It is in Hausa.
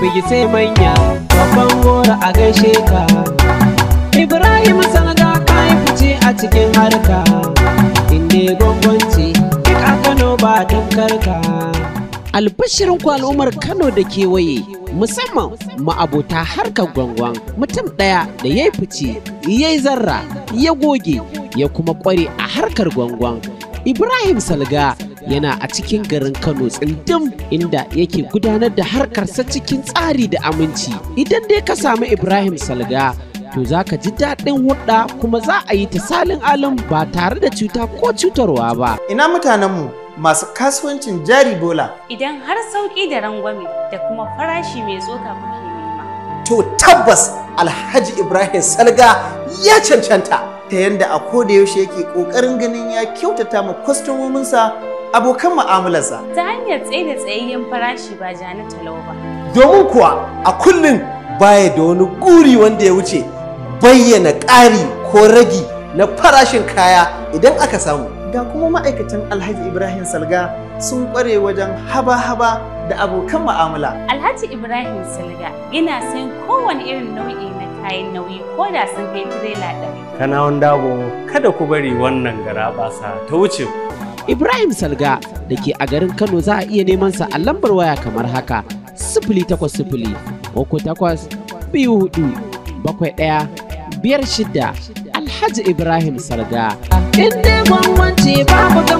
bigi manya babban gora a gaishe ka ibrahim sanaga ka yi fice a cikin harka inda ya gwangwanci kano ba tankarka albashirin ku al'umar kano da kewaye musamman ma abota harkar gwangwan mutum ɗaya da ya yi fice ya yi zarra ya goge ya kuma ƙware a harkar gwangwan ibrahim salga yana a cikin garin Kano tsindim inda yake gudanar da harkarsa cikin tsari da aminci. Idan dai ka samu Ibrahim Salga to za ka ji daɗin hudda kuma za a yi ta salin alam ba tare da cuta ko cutarwa ba. Ina mutanenmu masu kasuwancin jari bola. Idan har sauƙi da rangwame da kuma farashi mai tsoka kuke nema. To tabbas Alhaji Ibrahim Salga ya cancanta ta yadda a koda yaushe yake ƙoƙarin ganin ya kyautata ma kwastomominsa abokan mu'amalarsa. Ta hanyar tsaye da tsayayyen farashi ba ja talau ba. Domin kuwa a kullum baya da wani guri wanda ya wuce bayyana ƙari ko ragi na farashin kaya idan aka samu. Ga kuma ma'aikatan Alhaji Ibrahim Salga sun ƙware wajen haba-haba da abokan mu'amala. Alhaji Ibrahim Salga yana sayan kowane irin nau'i na kayan nauyi ko da sun kai tirela ɗari. Kana dago kada ku bari wannan gara basa ta wuce ku. Ibrahim Salga da ke a garin Kano za a iya neman sa a lambar waya kamar haka sifili takwas sifili uku takwas biyu hudu bakwai shida Alhaji Ibrahim Salga. In